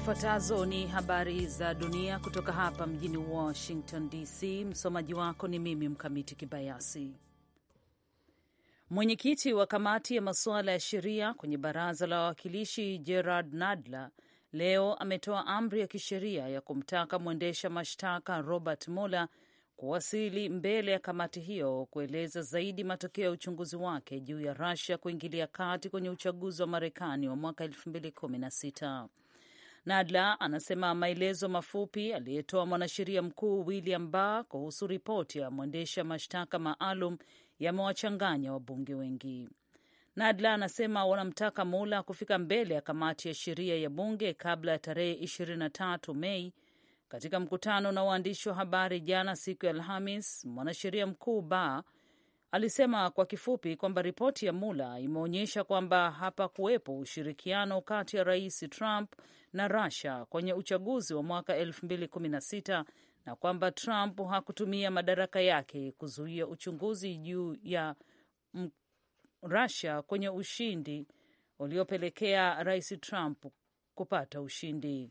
Zifuatazo ni habari za dunia kutoka hapa mjini Washington DC. Msomaji wako ni mimi Mkamiti Kibayasi. Mwenyekiti wa kamati ya masuala ya sheria kwenye baraza la wawakilishi Gerard Nadler leo ametoa amri ya kisheria ya kumtaka mwendesha mashtaka Robert Mueller kuwasili mbele ya kamati hiyo kueleza zaidi matokeo ya uchunguzi wake juu ya Russia kuingilia kati kwenye uchaguzi wa Marekani wa mwaka 2016. Nadla anasema maelezo mafupi aliyetoa mwanasheria mkuu William Barr kuhusu ripoti ya mwendesha mashtaka maalum yamewachanganya wabunge wengi. Nadla anasema wanamtaka Mula kufika mbele ya kamati ya sheria ya bunge kabla ya tarehe 23 Mei. Katika mkutano na waandishi wa habari jana siku ya Alhamis, mwanasheria mkuu Barr alisema kwa kifupi kwamba ripoti ya mula imeonyesha kwamba hapakuwepo ushirikiano kati ya Rais Trump na Russia kwenye uchaguzi wa mwaka 2016 na kwamba Trump hakutumia madaraka yake kuzuia uchunguzi juu ya Russia kwenye ushindi uliopelekea Rais Trump kupata ushindi.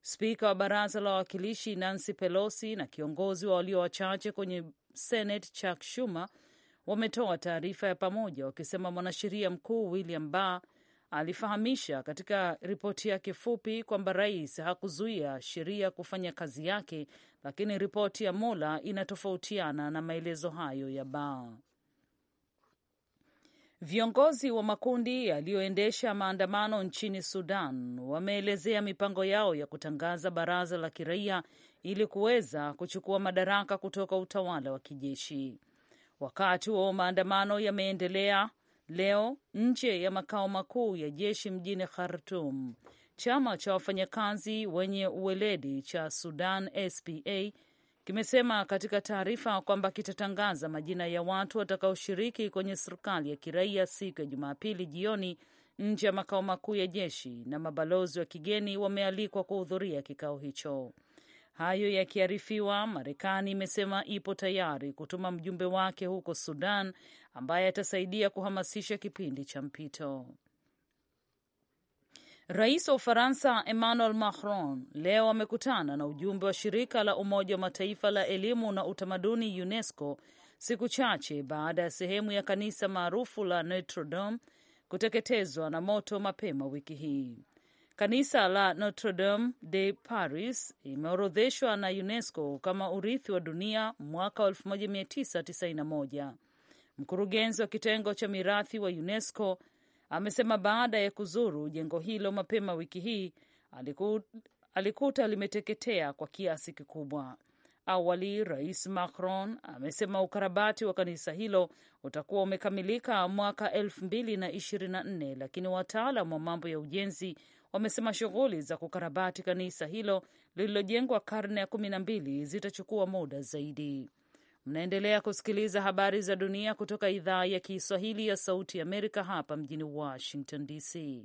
Spika wa baraza la wawakilishi Nancy Pelosi na kiongozi wa walio wachache kwenye Senate Chuck Schumer wametoa taarifa ya pamoja wakisema mwanasheria mkuu William Barr alifahamisha katika ripoti yake fupi kwamba rais hakuzuia sheria kufanya kazi yake, lakini ripoti ya mola inatofautiana na maelezo hayo ya Barr. Viongozi wa makundi yaliyoendesha maandamano nchini Sudan wameelezea mipango yao ya kutangaza baraza la kiraia ili kuweza kuchukua madaraka kutoka utawala wa kijeshi. Wakati wa maandamano yameendelea leo nje ya makao makuu ya jeshi mjini Khartum, chama cha wafanyakazi wenye uweledi cha Sudan SPA kimesema katika taarifa kwamba kitatangaza majina ya watu watakaoshiriki kwenye serikali ya kiraia siku ya Jumapili jioni nje ya makao makuu ya jeshi, na mabalozi wa kigeni wamealikwa kuhudhuria kikao hicho. Hayo yakiarifiwa, Marekani imesema ipo tayari kutuma mjumbe wake huko Sudan ambaye atasaidia kuhamasisha kipindi cha mpito. Rais wa Ufaransa Emmanuel Macron leo amekutana na ujumbe wa shirika la Umoja wa Mataifa la elimu na utamaduni UNESCO siku chache baada ya sehemu ya kanisa maarufu la Notre Dame kuteketezwa na moto mapema wiki hii. Kanisa la Notre Dame de Paris imeorodheshwa na UNESCO kama urithi wa dunia mwaka 1991. Mkurugenzi wa kitengo cha mirathi wa UNESCO amesema baada ya kuzuru jengo hilo mapema wiki hii aliku, alikuta limeteketea kwa kiasi kikubwa. Awali Rais Macron amesema ukarabati wa kanisa hilo utakuwa umekamilika mwaka elfu mbili na ishirini na nne, lakini wataalam wa mambo ya ujenzi wamesema shughuli za kukarabati kanisa hilo lililojengwa karne ya kumi na mbili zitachukua muda zaidi. Mnaendelea kusikiliza habari za dunia kutoka idhaa ya Kiswahili ya Sauti ya Amerika hapa mjini Washington DC.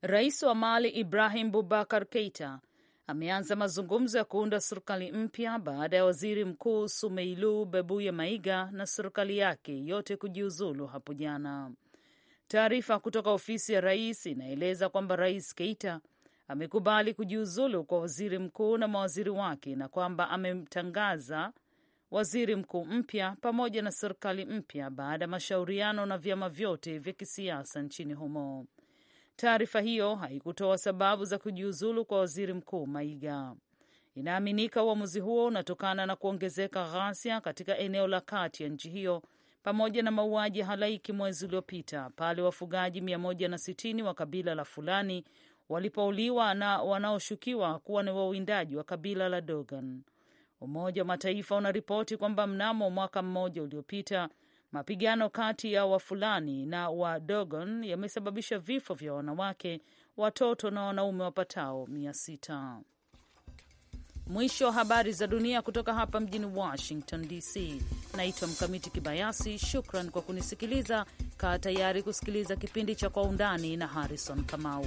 Rais wa Mali Ibrahim bubakar Keita ameanza mazungumzo ya kuunda serikali mpya baada ya waziri mkuu Sumeilu Bebuye Maiga na serikali yake yote kujiuzulu hapo jana. Taarifa kutoka ofisi ya rais inaeleza kwamba Rais Keita amekubali kujiuzulu kwa waziri mkuu na mawaziri wake na kwamba amemtangaza waziri mkuu mpya pamoja na serikali mpya baada ya mashauriano na vyama vyote vya kisiasa nchini humo. Taarifa hiyo haikutoa sababu za kujiuzulu kwa waziri mkuu Maiga. Inaaminika uamuzi huo unatokana na kuongezeka ghasia katika eneo la kati ya nchi hiyo pamoja na mauaji halaiki mwezi uliopita pale wafugaji 160 wa kabila la Fulani walipouliwa na wanaoshukiwa kuwa ni wawindaji wa kabila la Dogon. Umoja wa Mataifa unaripoti kwamba mnamo mwaka mmoja uliopita mapigano kati ya Wafulani na Wadogon yamesababisha vifo vya wanawake, watoto na wanaume wapatao mia sita. Mwisho wa habari za dunia kutoka hapa mjini Washington DC. Naitwa Mkamiti Kibayasi. Shukran kwa kunisikiliza. Kaa tayari kusikiliza kipindi cha Kwa Undani na Harrison Kamau.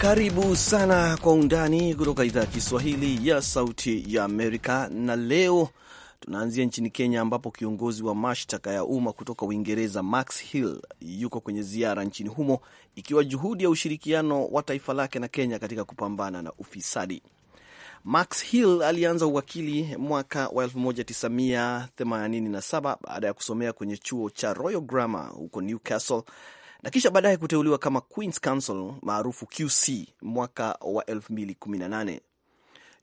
Karibu sana kwa undani kutoka idhaa ya Kiswahili ya Sauti ya Amerika, na leo tunaanzia nchini Kenya ambapo kiongozi wa mashtaka ya umma kutoka Uingereza Max Hill yuko kwenye ziara nchini humo, ikiwa juhudi ya ushirikiano wa taifa lake na Kenya katika kupambana na ufisadi. Max Hill alianza uwakili mwaka wa 1987 baada ya kusomea kwenye chuo cha Royal Grammar huko Newcastle na kisha baadaye kuteuliwa kama Queen's Council maarufu QC mwaka wa 2018.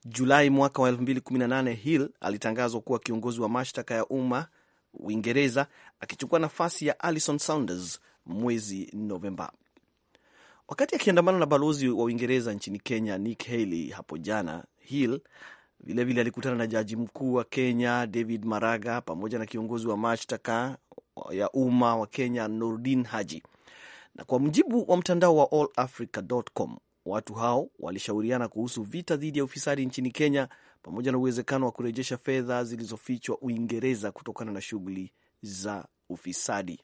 Julai mwaka wa 2018, Hill alitangazwa kuwa kiongozi wa mashtaka ya umma Uingereza, akichukua nafasi ya Alison Saunders mwezi Novemba. Wakati akiandamana na balozi wa Uingereza nchini Kenya Nick Haley hapo jana, Hill vilevile vile alikutana na jaji mkuu wa Kenya David Maraga pamoja na kiongozi wa mashtaka ya umma wa Kenya Nordin Haji na kwa mujibu wa mtandao wa allafrica.com watu hao walishauriana kuhusu vita dhidi ya ufisadi nchini Kenya pamoja na uwezekano wa kurejesha fedha zilizofichwa Uingereza kutokana na shughuli za ufisadi.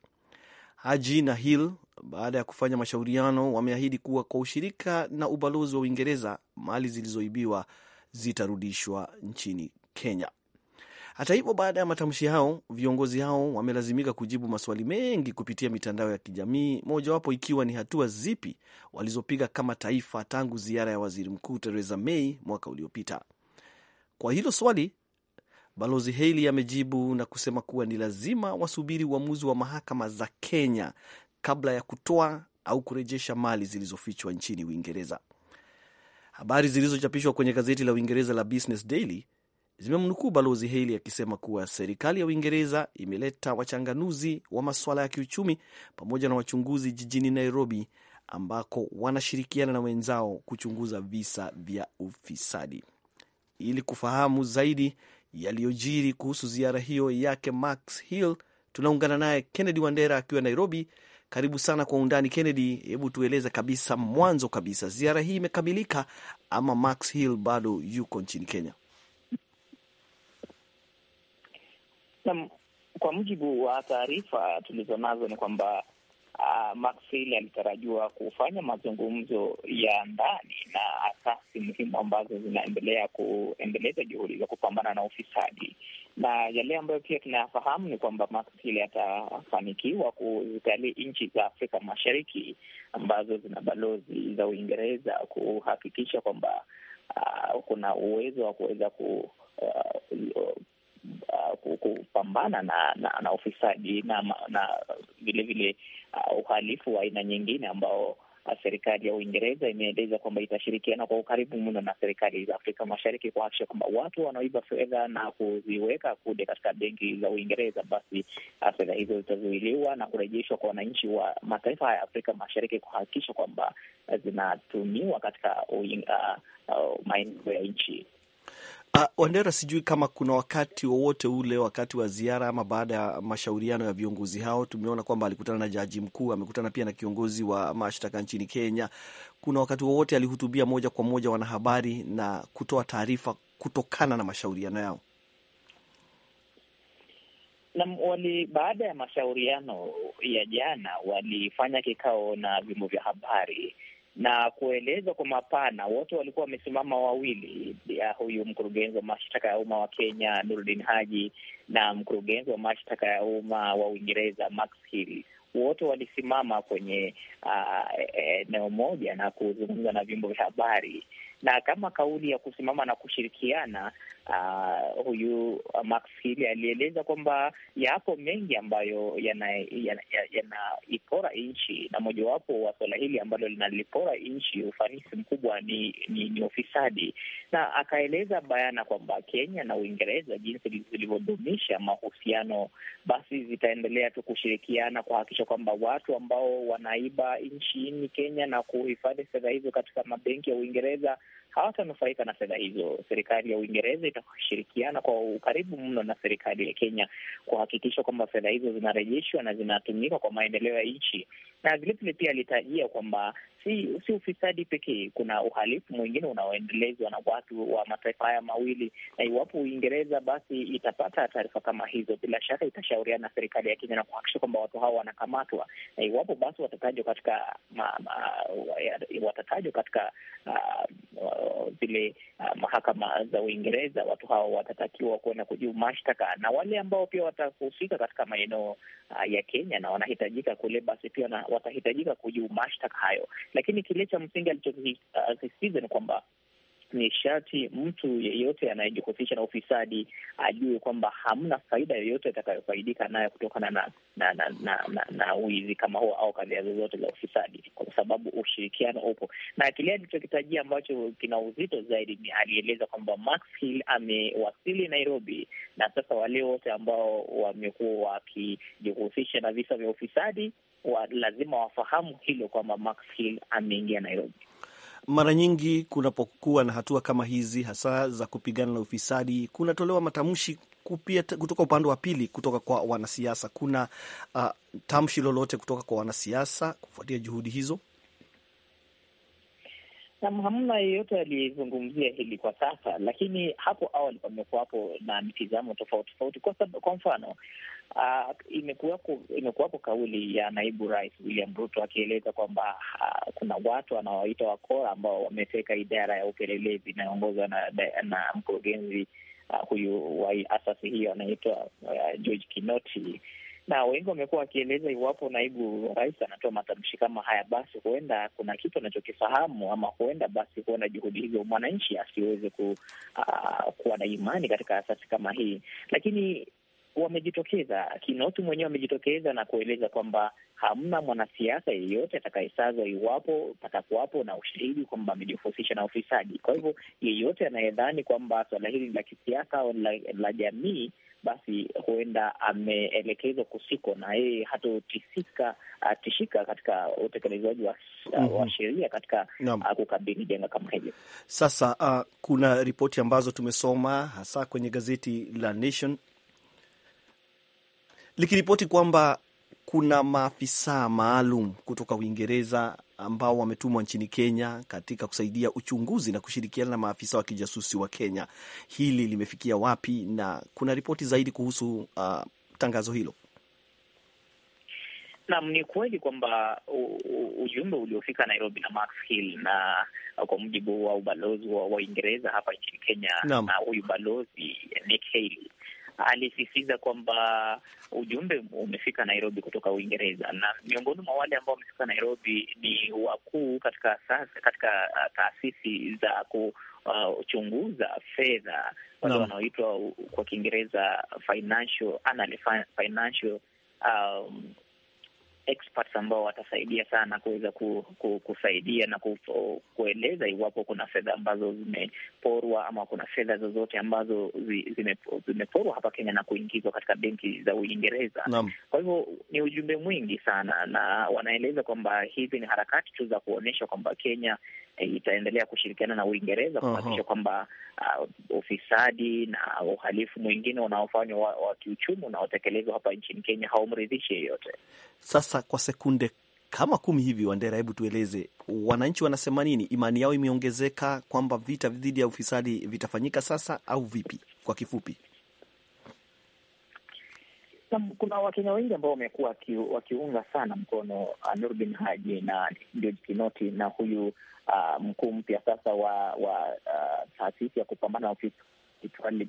Haji na Hill, baada ya kufanya mashauriano, wameahidi kuwa kwa ushirika na ubalozi wa Uingereza, mali zilizoibiwa zitarudishwa nchini Kenya. Hata hivyo, baada ya matamshi hao, viongozi hao wamelazimika kujibu maswali mengi kupitia mitandao ya kijamii, mojawapo ikiwa ni hatua zipi walizopiga kama taifa tangu ziara ya waziri mkuu Theresa May mwaka uliopita. Kwa hilo swali, Balozi Haley amejibu na kusema kuwa ni lazima wasubiri uamuzi wa mahakama za Kenya kabla ya kutoa au kurejesha mali zilizofichwa nchini Uingereza. Habari zilizochapishwa kwenye gazeti la Uingereza la Business Daily zimemnukuu Balozi Haley akisema kuwa serikali ya Uingereza imeleta wachanganuzi wa masuala ya kiuchumi pamoja na wachunguzi jijini Nairobi ambako wanashirikiana na wenzao kuchunguza visa vya ufisadi. Ili kufahamu zaidi yaliyojiri kuhusu ziara hiyo yake Max Hill, tunaungana naye Kennedy Wandera akiwa Nairobi. Karibu sana kwa undani Kennedy, hebu tueleze kabisa, mwanzo kabisa, ziara hii imekamilika ama Max Hill bado yuko nchini Kenya? Naam, kwa mujibu wa taarifa tulizo nazo ni kwamba uh, ah, Maxwell alitarajiwa kufanya mazungumzo ya ndani na asasi muhimu ambazo zinaendelea kuendeleza juhudi za kupambana na ufisadi, na yale ambayo pia tunayafahamu ni kwamba Maxwell atafanikiwa kuzitalii nchi za Afrika Mashariki ambazo zina balozi za Uingereza kuhakikisha kwamba uh, kuna uwezo wa kuweza ku uh, uh, kupambana na na, na ufisadi na na vilevile uh, uhalifu wa aina nyingine ambao uh, serikali ya Uingereza imeeleza kwamba itashirikiana kwa ukaribu mno na serikali za Afrika Mashariki kuhakikisha kwamba watu wanaoiba fedha na kuziweka kule katika benki za Uingereza, basi uh, fedha hizo zitazuiliwa na kurejeshwa kwa wananchi wa mataifa haya ya Afrika Mashariki kuhakikisha kwamba uh, zinatumiwa katika uh, uh, maeneo ya nchi Uh, Wandera, sijui kama kuna wakati wowote ule wakati wa ziara ama baada ya mashauriano ya viongozi hao, tumeona kwamba alikutana na jaji mkuu, amekutana pia na kiongozi wa mashtaka nchini Kenya. Kuna wakati wowote alihutubia moja kwa moja wanahabari na kutoa taarifa kutokana na mashauriano yao? Na wali baada ya mashauriano ya jana walifanya kikao na vyombo vya habari na kueleza kwa mapana. Wote walikuwa wamesimama wawili, ya huyu mkurugenzi wa mashtaka ya umma wa Kenya Nurdin Haji na mkurugenzi wa mashtaka ya umma wa Uingereza Max Hill. Wote walisimama kwenye ah, eneo uh, moja na kuzungumza na vyombo vya habari, na kama kauli ya kusimama na kushirikiana uh, huyu ah, Max Hill alieleza kwamba yapo mengi ambayo yanaipora yana, yana nchi, na mojawapo wa suala hili ambalo linalipora nchi ufanisi mkubwa ni, ni, ni ufisadi, na akaeleza bayana kwamba Kenya na Uingereza jinsi zilivyodumisha mahusiano, basi zitaendelea tu kushirikiana kuhakikisha kwamba watu ambao wanaiba nchini Kenya na kuhifadhi fedha hizo katika mabenki ya Uingereza hawatanufaika na fedha hizo. Serikali ya Uingereza itashirikiana kwa ukaribu mno na serikali ya Kenya kuhakikisha kwamba fedha hizo zinarejeshwa na zinatumika kwa maendeleo ya nchi, na vilevile pia alitajia kwamba si, si ufisadi pekee, kuna uhalifu mwingine unaoendelezwa na watu wa mataifa haya mawili, na iwapo Uingereza basi itapata taarifa kama hizo, bila shaka itashauriana na serikali ya Kenya na kuhakikisha kwamba watu hao wanakamatwa, na iwapo basi watatajwa katika ma, ma, watatajwa katika ah, zile uh, uh, mahakama za Uingereza, watu hao watatakiwa kuenda kujibu mashtaka, na wale ambao pia watahusika katika maeneo uh, ya Kenya na wanahitajika kule, basi pia watahitajika kujibu mashtaka hayo. Lakini kile cha msingi alichosistiza ni kwamba ni sharti mtu yeyote anayejihusisha na ufisadi ajue kwamba hamna faida yoyote atakayofaidika nayo kutokana na na na na, na, na wizi kama huo au kadhia zozote za ufisadi, kwa sababu ushirikiano upo. Na kile alichokitajia ambacho kina uzito zaidi ni alieleza kwamba Max Hill amewasili Nairobi, na sasa wale wote ambao wamekuwa wakijihusisha na visa vya ufisadi wa, lazima wafahamu hilo kwamba Max Hill ameingia Nairobi. Mara nyingi kunapokuwa na hatua kama hizi, hasa za kupigana na ufisadi, kunatolewa matamshi kupia kutoka upande wa pili, kutoka kwa wanasiasa. Kuna uh, tamshi lolote kutoka kwa wanasiasa kufuatia juhudi hizo? Nam, hamna yeyote aliyezungumzia hili kwa sasa, lakini hapo awali pamekuwapo na mitizamo tofauti tofauti. Kwa mfano, Uh, imekuwako imekuwapo kauli ya naibu rais William Ruto akieleza kwamba uh, kuna watu anawaita wakora ambao wameteka idara ya upelelezi inayoongozwa na, na, na mkurugenzi uh, huyu wa asasi hiyo anaitwa uh, George Kinoti, na wengi wamekuwa wakieleza iwapo naibu rais anatoa matamshi kama haya, basi huenda kuna kitu anachokifahamu ama huenda basi kuona juhudi hizo mwananchi asiweze ku, uh, kuwa na imani katika asasi kama hii, lakini wamejitokeza. Kinoti mwenyewe amejitokeza na kueleza kwamba hamna mwanasiasa yeyote atakayesazwa iwapo patakuwapo na ushahidi kwamba amejihusisha na ufisadi. Kwa hivyo yeyote anayedhani kwamba swala hili ni la kisiasa au la, la jamii basi huenda ameelekezwa kusiko na yeye hatotisika tishika katika utekelezaji wa, mm -hmm. wa sheria katika uh, kukabili janga kama hivyo. Sasa uh, kuna ripoti ambazo tumesoma hasa kwenye gazeti la Nation likiripoti kwamba kuna maafisa maalum kutoka Uingereza ambao wametumwa nchini Kenya katika kusaidia uchunguzi na kushirikiana na maafisa wa kijasusi wa Kenya. Hili limefikia wapi na kuna ripoti zaidi kuhusu uh, tangazo hilo? Naam, ni kweli kwamba ujumbe uliofika Nairobi na Max Hill na kwa mujibu wa ubalozi wa Uingereza hapa nchini Kenya na huyu balozi Nick Haley alisisitiza kwamba ujumbe umefika Nairobi kutoka Uingereza, na miongoni mwa wale ambao wamefika Nairobi ni wakuu katika katika uh, taasisi za kuchunguza uh, fedha wale no. wanaoitwa kwa Kiingereza financial analyst, financial um, experts ambao watasaidia sana kuweza ku, ku, kusaidia na kueleza iwapo kuna fedha ambazo zimeporwa ama kuna fedha zozote ambazo zimeporwa hapa Kenya na kuingizwa katika benki za Uingereza. Kwa hivyo ni ujumbe mwingi sana, na wanaeleza kwamba hizi ni harakati tu za kuonyesha kwamba Kenya Eh, itaendelea kushirikiana na Uingereza kuhakikisha kwamba uh, ufisadi na uhalifu mwingine unaofanywa wa, wa kiuchumi unaotekelezwa hapa nchini Kenya haumridhishi yeyote. Sasa kwa sekunde kama kumi hivi, Wandera, hebu tueleze wananchi wanasema nini? Imani yao imeongezeka kwamba vita dhidi ya ufisadi vitafanyika sasa au vipi? Kwa kifupi na kuna Wakenya wengi ambao wamekuwa wakiunga sana mkono nurbin uh, Nurdin Haji na George Kinoti na huyu uh, mkuu mpya sasa wa wa uh, taasisi ya kupambana na ufisadi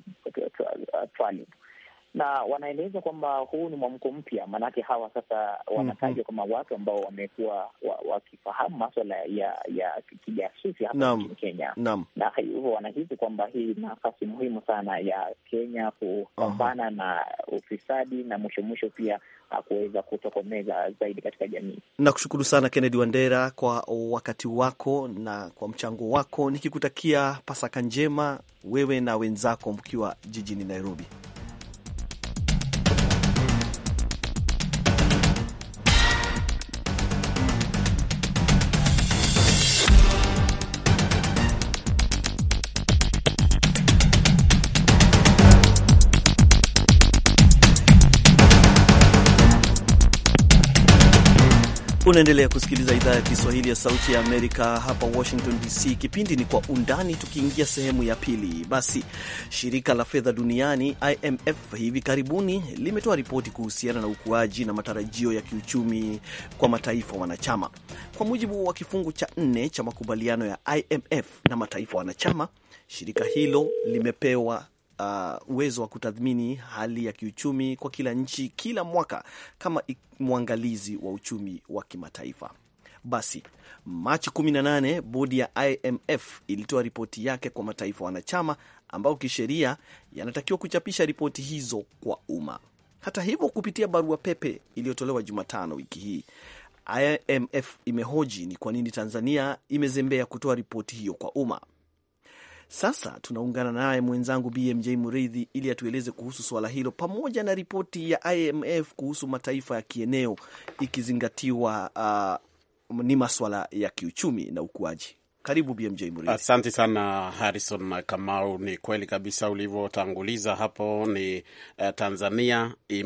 na wanaeleza kwamba huu ni mwamko mpya, maanake hawa sasa wanatajwa mm-hmm. kama watu ambao wamekuwa wakifahamu wa maswala ya ya kijasusi hapa nchini Kenya, Nam. Na hivyo wanahisi kwamba hii nafasi muhimu sana ya Kenya kupambana na ufisadi na mwisho mwisho pia ah, kuweza kutokomeza zaidi katika jamii. Nakushukuru sana Kennedy Wandera kwa wakati wako na kwa mchango wako, nikikutakia Pasaka njema wewe na wenzako mkiwa jijini Nairobi. Unaendelea kusikiliza idhaa ya Kiswahili ya Sauti ya Amerika hapa Washington DC. Kipindi ni Kwa Undani, tukiingia sehemu ya pili. Basi, shirika la fedha duniani IMF hivi karibuni limetoa ripoti kuhusiana na ukuaji na matarajio ya kiuchumi kwa mataifa wanachama. Kwa mujibu wa kifungu cha nne cha makubaliano ya IMF na mataifa wanachama, shirika hilo limepewa Uh, uwezo uh, wa kutathmini hali ya kiuchumi kwa kila nchi kila mwaka kama mwangalizi wa uchumi wa kimataifa. Basi Machi 18 bodi ya IMF ilitoa ripoti yake kwa mataifa wanachama ambao kisheria yanatakiwa kuchapisha ripoti hizo kwa umma. Hata hivyo, kupitia barua pepe iliyotolewa Jumatano wiki hii, IMF imehoji ni kwa nini Tanzania imezembea kutoa ripoti hiyo kwa umma. Sasa tunaungana naye mwenzangu BMJ Muridhi ili atueleze kuhusu suala hilo pamoja na ripoti ya IMF kuhusu mataifa ya kieneo ikizingatiwa, uh, ni maswala ya kiuchumi na ukuaji. Karibu BMJ Murithi. Asante sana Harrison Kamau. Ni kweli kabisa ulivyotanguliza hapo, ni eh, Tanzania eh,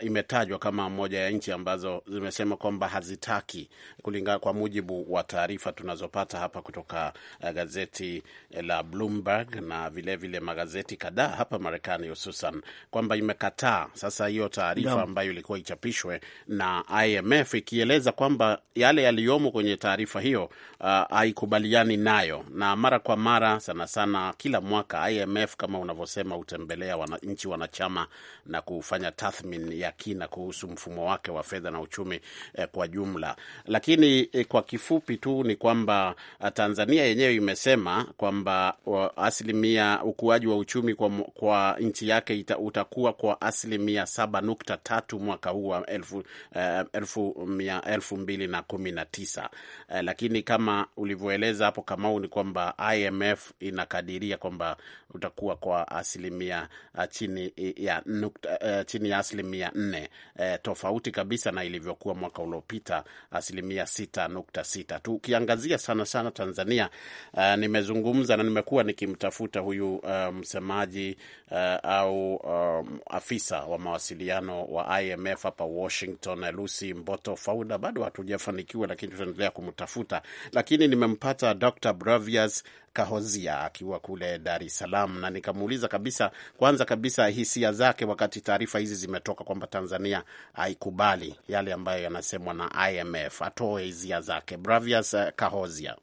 imetajwa ta, ime kama moja ya nchi ambazo zimesema kwamba hazitaki kulingana, kwa mujibu wa taarifa tunazopata hapa kutoka eh, gazeti eh, la Bloomberg na vilevile vile magazeti kadhaa hapa Marekani, hususan kwamba imekataa sasa hiyo taarifa no. ambayo ilikuwa ichapishwe na IMF ikieleza kwamba yale yaliyomo kwenye taarifa hiyo uh, haikubaliani nayo, na mara kwa mara, sana sana kila mwaka IMF kama unavyosema hutembelea wana, nchi wanachama na kufanya tathmini ya kina kuhusu mfumo wake wa fedha na uchumi eh, kwa jumla. Lakini eh, kwa kifupi tu ni kwamba eh, Tanzania yenyewe imesema kwamba asilimia ukuaji wa uchumi kwa, kwa nchi yake ita, utakuwa kwa asilimia saba nukta tatu mwaka huu wa elfu, eh, elfu, elfu mbili na kumi na tisa eh, lakini kama ulivyo nilivyoeleza hapo Kamau ni kwamba IMF inakadiria kwamba utakuwa kwa asilimia uh, chini ya nukta, uh, chini ya asilimia nne e, tofauti kabisa na ilivyokuwa mwaka uliopita asilimia sita nukta sita. Tukiangazia sana sana Tanzania, uh, nimezungumza na nimekuwa nikimtafuta huyu uh, msemaji uh, au um, afisa wa mawasiliano wa IMF hapa Washington, Lucy Mboto Fauda. Bado hatujafanikiwa, lakini tutaendelea kumtafuta, lakini nimem nilimpata Dr. Bravias Kahozia akiwa kule Dar es Salaam na nikamuuliza kabisa, kwanza kabisa hisia zake wakati taarifa hizi zimetoka kwamba Tanzania haikubali yale ambayo yanasemwa na IMF. Atoe hisia zake Bravias eh, Kahozia.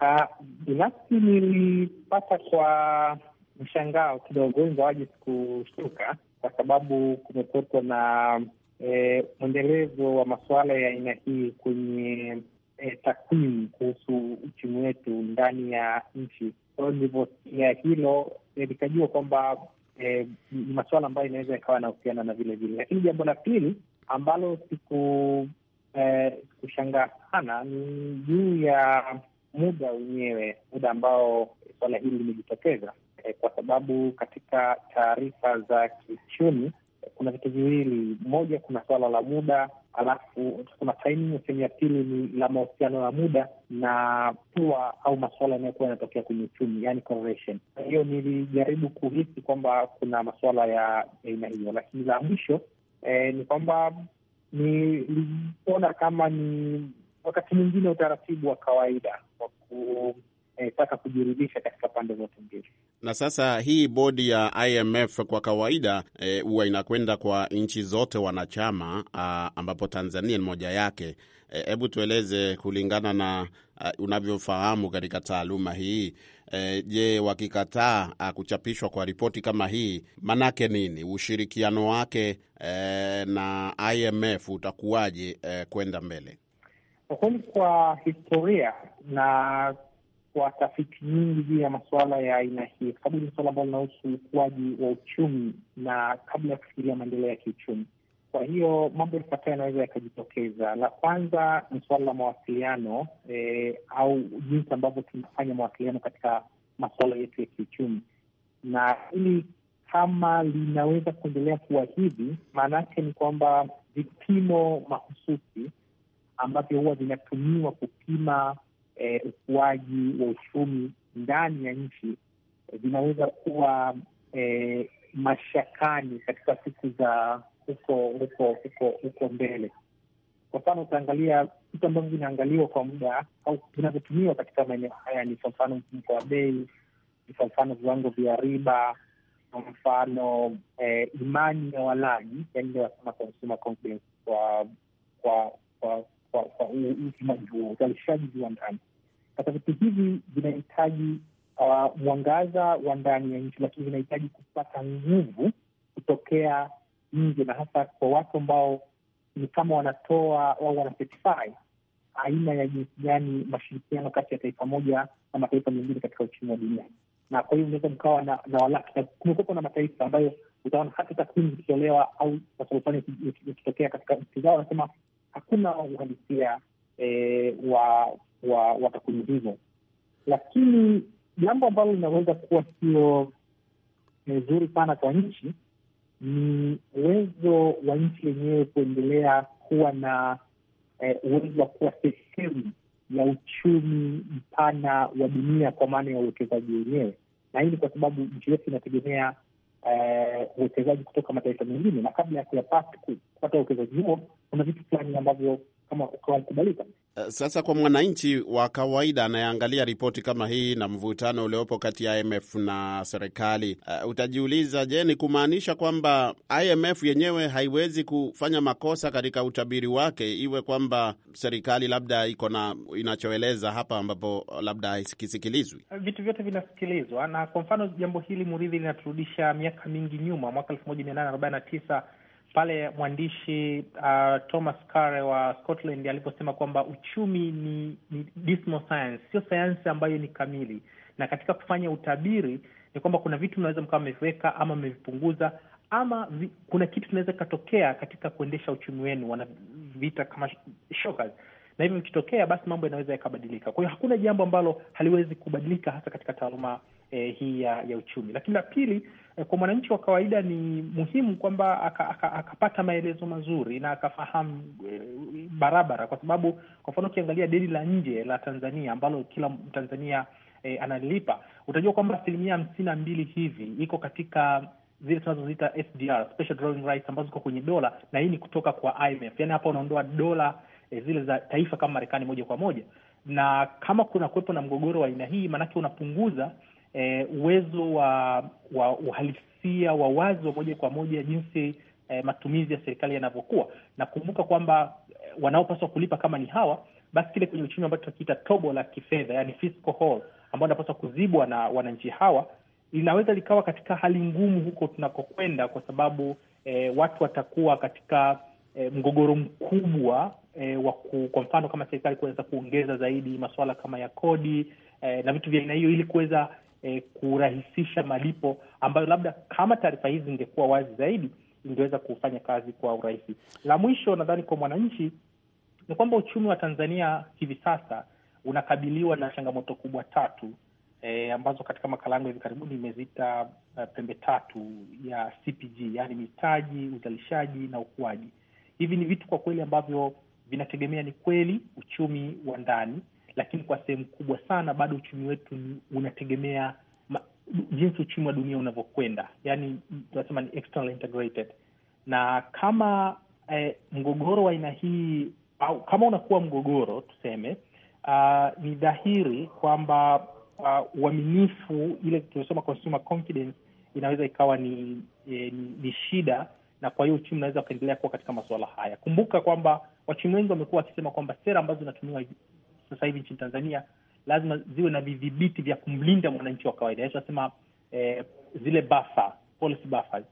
Ah, binafsi nilipata kwa mshangao kidogo, ingawaje sikushtuka, kwa sababu kumekuwepo na e, mwendelezo wa masuala ya aina hii kwenye eh, takwimu kuhusu uchumi wetu ndani ya nchi. Kwa hiyo nilivyosikia hilo nikajua kwamba eh, ni masuala ambayo inaweza ikawa yanahusiana na vile vile, lakini jambo la pili ambalo siku eh, kushangaa sana ni juu ya muda wenyewe, muda ambao suala hili limejitokeza eh, kwa sababu katika taarifa za kiuchumi kuna vitu viwili, moja kuna suala la muda, alafu kuna timing. Sehemu ya pili ni la mahusiano ya muda na pua au masuala yanayokuwa yanatokea kwenye uchumi, yani correlation. Kwa hiyo nilijaribu kuhisi kwamba kuna masuala ya aina hiyo, lakini la mwisho eh, ni kwamba niliona kama ni wakati mwingine utaratibu wa kawaida wa ku e, sasa kujirudisha katika pande zote mbili. Na sasa hii bodi ya IMF kwa kawaida eh, huwa e, inakwenda kwa nchi zote wanachama a, ah, ambapo Tanzania ni moja yake. Eh, hebu e, tueleze kulingana na uh, unavyofahamu katika taaluma hii e, je, wakikataa uh, kuchapishwa kwa ripoti kama hii manake nini? Ushirikiano wake eh, na IMF utakuwaje eh, kwenda mbele? Kwa kweli, kwa historia na kwa tafiti nyingi juu ya masuala ya aina hii, kwa sababu ni suala ambalo linahusu ukuaji wa uchumi na kabla ya kufikiria maendeleo ya kiuchumi. Kwa hiyo mambo yafuatayo yanaweza yakajitokeza. La kwanza ni suala la mawasiliano eh, au jinsi ambavyo tunafanya mawasiliano katika masuala yetu ya kiuchumi, na hili kama linaweza kuendelea kuwa hivi, maana yake ni kwamba vipimo mahususi ambavyo huwa vinatumiwa kupima eh, ukuaji wa uchumi ndani ya nchi vinaweza kuwa eh, mashakani katika siku za huko huko huko huko mbele. Kwa mfano, utaangalia vitu ambavyo vinaangaliwa kwa muda au vinavyotumiwa katika maeneo haya ni kwa mfano mfumko wa bei, ni kwa mfano viwango vya riba, kwa mfano eh, imani ya walaji, yaani wasema consumer confidence, kwa kwa kwa kwa kwa, huo, uzalishaji viwandani Tafiti hizi zinahitaji uh, mwangaza wa ndani ya nchi, lakini zinahitaji kupata nguvu kutokea nje, na hasa kwa watu ambao ni kama wanatoa au wana aina ya jinsi gani mashirikiano kati ya taifa moja na mataifa mengine katika uchumi wa dunia. Na kwa hiyo unaweza mkawa na, na walaki na kumekuwepo na mataifa ambayo utaona hata takwimu zikitolewa au wasultani ikitokea katika nchi zao, wanasema hakuna uhalisia eh, wa wa, wa takwimu hizo, lakini jambo ambalo linaweza kuwa sio eh, zuri sana kwa nchi ni uwezo wa nchi yenyewe kuendelea kuwa na eh, uwezo wa kuwa sehemu ya uchumi mpana wa dunia kwa maana ya uwekezaji wenyewe, na hii ni kwa sababu nchi yetu inategemea eh, uwekezaji kutoka mataifa mengine, na kabla ya kuyapata kupata uwekezaji huo, kuna vitu fulani ambavyo kama ukawakubalika. Eh, sasa kwa mwananchi wa kawaida anayeangalia ripoti kama hii na mvutano uliopo kati ya IMF na serikali, uh, utajiuliza, je, ni kumaanisha kwamba IMF yenyewe haiwezi kufanya makosa katika utabiri wake, iwe kwamba serikali labda iko na inachoeleza hapa, ambapo labda haisikisikilizwi? Eh, vitu vyote vinasikilizwa, na kwa mfano jambo hili muridhi linaturudisha miaka mingi nyuma, mwaka elfu moja mia nane arobaini na tisa pale mwandishi uh, Thomas Carre wa Scotland aliposema kwamba uchumi ni, ni dismal science, sio sayansi ambayo ni kamili, na katika kufanya utabiri ni kwamba kuna vitu mnaweza mkawa mmeviweka ama mmevipunguza ama vi, kuna kitu kinaweza kikatokea katika kuendesha uchumi wenu, wanaviita kama shockers, na hivyo vikitokea, basi mambo yanaweza yakabadilika. Kwa hiyo hakuna jambo ambalo haliwezi kubadilika, hasa katika taaluma eh, hii ya, ya uchumi. Lakini la pili eh, kwa mwananchi wa kawaida ni muhimu kwamba akapata aka, aka maelezo mazuri na akafahamu eh, barabara, kwa sababu kwa mfano ukiangalia deni la nje la Tanzania ambalo kila Mtanzania eh, analipa utajua kwamba asilimia hamsini na mbili hivi iko katika zile tunazoziita SDR, special drawing rights, ambazo ziko kwenye dola na hii ni kutoka kwa IMF. Yani hapa unaondoa dola eh, zile za taifa kama Marekani moja kwa moja, na kama kuna kuwepo na mgogoro wa aina hii, maanake unapunguza Eh, uwezo wa wa uhalisia wa wazi wa moja kwa moja jinsi eh, matumizi ya serikali yanavyokuwa, na kumbuka kwamba eh, wanaopaswa kulipa kama ni hawa, basi kile kwenye uchumi ambacho tunakiita tobo la kifedha, yani fiscal hole, ambao anapaswa kuzibwa na wananchi hawa, linaweza likawa katika hali ngumu huko tunakokwenda, kwa sababu eh, watu watakuwa katika eh, mgogoro mkubwa E, wa kwa mfano kama serikali kuweza kuongeza zaidi masuala kama ya kodi e, na vitu vya aina hiyo ili kuweza eh, kurahisisha malipo ambayo labda kama taarifa hizi zingekuwa wazi zaidi ingeweza kufanya kazi kwa urahisi. La mwisho nadhani kwa mwananchi ni kwamba uchumi wa Tanzania hivi sasa unakabiliwa na changamoto kubwa tatu eh, ambazo katika makala yangu hivi karibuni imezita uh, eh, pembe tatu ya CPG, yaani mitaji, uzalishaji na ukuaji. Hivi ni vitu kwa kweli ambavyo vinategemea ni kweli uchumi wa ndani lakini kwa sehemu kubwa sana bado uchumi wetu unategemea ma, jinsi uchumi wa dunia unavyokwenda, yani tunasema ni integrated. Na kama eh, mgogoro wa aina hii au kama unakuwa mgogoro tuseme, uh, ni dhahiri kwamba ah, uaminifu uh, ile tunasema consumer confidence inaweza ikawa ni, eh, ni, ni shida na kwa hiyo uchumi unaweza ukaendelea kuwa katika masuala haya. Kumbuka kwamba wachumi wengi wamekuwa wakisema kwamba sera ambazo zinatumiwa sasa hivi nchini Tanzania lazima ziwe na vidhibiti vya kumlinda mwananchi wa kawaida, yaani tunasema eh, zile buffer, policy buffers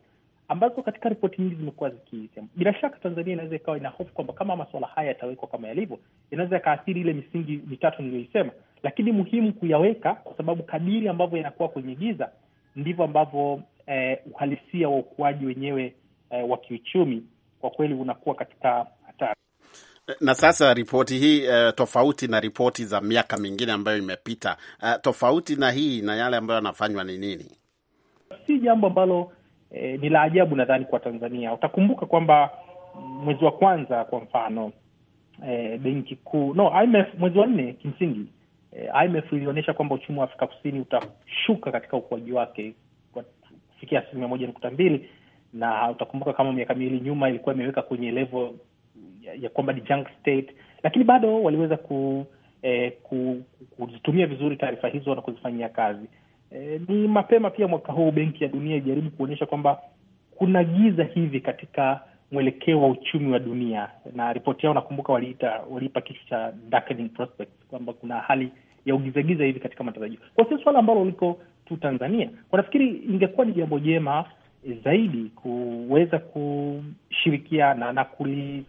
ambazo katika ripoti nyingi zimekuwa zikisema. Bila shaka Tanzania inaweza ikawa ina hofu kwamba kama masuala haya yatawekwa kama yalivyo, inaweza yakaathiri ile misingi mitatu niliyoisema, lakini muhimu kuyaweka, kwa sababu kadiri ambavyo yanakuwa kwenye giza ndivyo ambavyo eh, uhalisia wa ukuaji wenyewe eh, wa kiuchumi kwa kweli unakuwa katika na sasa ripoti hii uh, tofauti na ripoti za miaka mingine ambayo imepita uh, tofauti na hii na yale ambayo yanafanywa ni nini? Si jambo ambalo eh, ni la ajabu nadhani kwa Tanzania. Utakumbuka kwamba mwezi wa kwanza kwa mfano eh, benki kuu no IMF, mwezi wa nne kimsingi eh, IMF ilionyesha kwamba uchumi wa Afrika Kusini utashuka katika ukuaji wake kufikia asilimia moja nukta mbili na utakumbuka kama miaka miwili nyuma ilikuwa imeweka kwenye level ya kwamba ni junk state, lakini bado waliweza ku, eh, ku, kuzitumia vizuri taarifa hizo na kuzifanyia kazi. Eh, ni mapema pia mwaka huu Benki ya Dunia ijaribu kuonyesha kwamba kuna giza hivi katika mwelekeo wa uchumi wa dunia, na ripoti yao nakumbuka waliita waliipa kitu cha darkening prospects, kwamba kuna hali ya ugizagiza hivi katika matarajio. Kwa sio suala ambalo liko tu Tanzania, kwa nafikiri ingekuwa ni jambo jema zaidi kuweza kushirikiana na, na kuli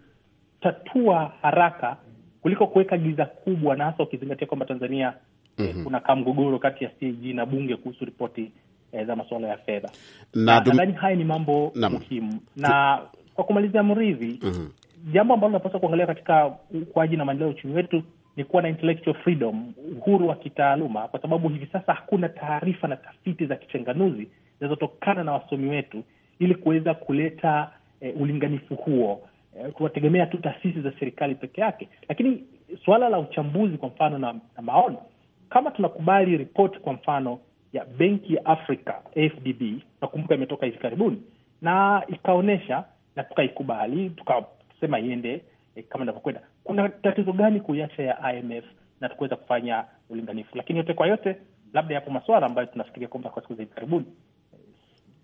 tatua haraka kuliko kuweka giza kubwa, na hasa ukizingatia kwamba Tanzania mm -hmm. eh, mhm. kuna kaa mgogoro kati ya CAG na bunge kuhusu ripoti eh, za masuala ya fedha. Nadhani haya ni mambo muhimu, na kwa kumalizia mridhi mm -hmm. Jambo ambalo linapaswa kuangalia katika ukuaji na maendeleo ya uchumi wetu ni kuwa na intellectual freedom, uhuru wa kitaaluma, kwa sababu hivi sasa hakuna taarifa na tafiti za kichanganuzi zinazotokana na wasomi wetu ili kuweza kuleta eh, ulinganifu huo Eh, kuwategemea tu taasisi za serikali peke yake. Lakini suala la uchambuzi kwa mfano na, na maoni, kama tunakubali ripoti kwa mfano ya benki ya Afrika AFDB, nakumbuka imetoka hivi karibuni na ikaonyesha na tukaikubali tukasema iende eh, kama inavyokwenda, kuna tatizo gani kuiacha ya IMF na tukuweza kufanya ulinganifu? Lakini yote kwa yote, labda yapo masuala ambayo tunafikiria kwamba kwa siku za hivi karibuni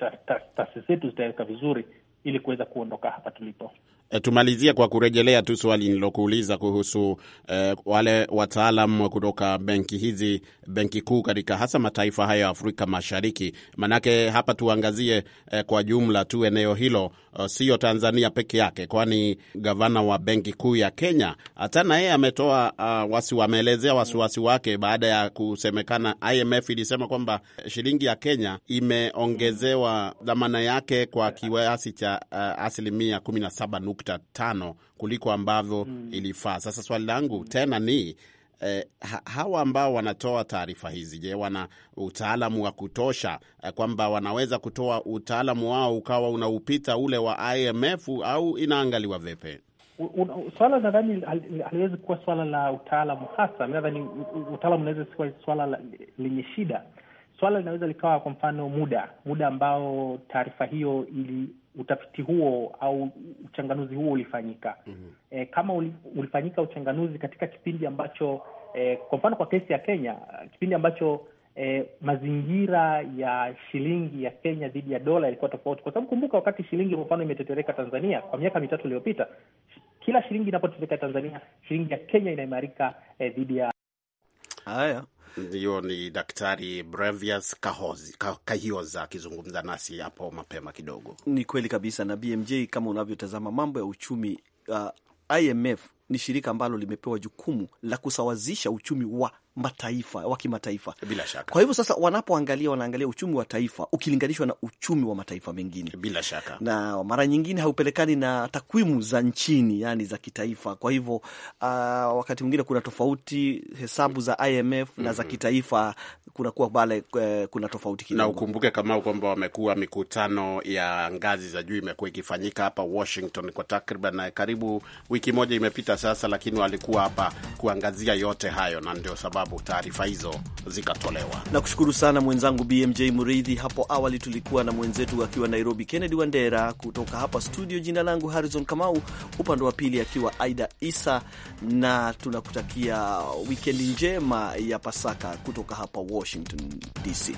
eh, taasisi zetu zitaweka vizuri ili kuweza kuondoka hapa tulipo. E, tumalizie kwa kurejelea tu swali nilokuuliza kuhusu e, wale wataalam kutoka benki hizi benki kuu katika hasa mataifa hayo ya Afrika Mashariki. Manake hapa tuangazie e, kwa jumla tu eneo hilo, sio Tanzania peke yake, kwani gavana wa benki kuu ya Kenya hata na yeye ametoa uh, wasi wameelezea wasiwasi wake baada ya kusemekana, IMF ilisema kwamba shilingi ya Kenya imeongezewa dhamana yake kwa kiasi cha uh, asilimia 17 nukta tano kuliko ambavyo mm, ilifaa. Sasa swali langu mm, tena ni eh, hawa ambao wanatoa taarifa hizi, je, wana utaalamu wa kutosha eh, kwamba wanaweza kutoa utaalamu wao ukawa unaupita ule wa IMF au inaangaliwa vipi? Swala nadhani haliwezi kuwa swala la utaalamu hasa. Nadhani utaalamu unaweza kuwa swala lenye shida. Swala linaweza likawa, kwa mfano, muda muda ambao taarifa hiyo ili utafiti huo au uchanganuzi huo ulifanyika? mm -hmm. E, kama ulifanyika uchanganuzi katika kipindi ambacho e, kwa mfano kwa kesi ya Kenya, kipindi ambacho e, mazingira ya shilingi ya Kenya dhidi ya dola ilikuwa tofauti, kwa sababu kumbuka, wakati shilingi kwa mfano imetetereka Tanzania kwa miaka mitatu iliyopita, kila shilingi inapotetereka Tanzania, shilingi ya Kenya inaimarika e, dhidi ya haya Ndiyo, ni Daktari Brevius Kahioza akizungumza nasi hapo mapema kidogo. Ni kweli kabisa, na BMJ kama unavyotazama mambo ya uchumi uh, IMF ni shirika ambalo limepewa jukumu la kusawazisha uchumi wa mataifa wa kimataifa. Bila shaka. Kwa hivyo sasa wanapoangalia wanaangalia uchumi wa taifa ukilinganishwa na uchumi wa mataifa mengine. Bila shaka. Na mara nyingine haupelekani na takwimu za nchini, yani za kitaifa. Kwa hivyo uh, wakati mwingine kuna tofauti hesabu za IMF mm -hmm. na za mhm. kitaifa kuna kuwa bale eh, kuna tofauti kidogo. Na ukumbuke kama kwamba wamekuwa mikutano ya ngazi za juu imekuwa ikifanyika hapa Washington kwa takriban eh, karibu wiki moja imepita sasa, lakini walikuwa hapa kuangazia yote hayo na ndio sababu sababu taarifa hizo zikatolewa. Na kushukuru sana mwenzangu BMJ Muridhi. Hapo awali tulikuwa na mwenzetu akiwa Nairobi, Kennedy Wandera. Kutoka hapa studio, jina langu Harrison Kamau, upande wa pili akiwa Aida Isa, na tunakutakia wikendi njema ya Pasaka kutoka hapa Washington DC.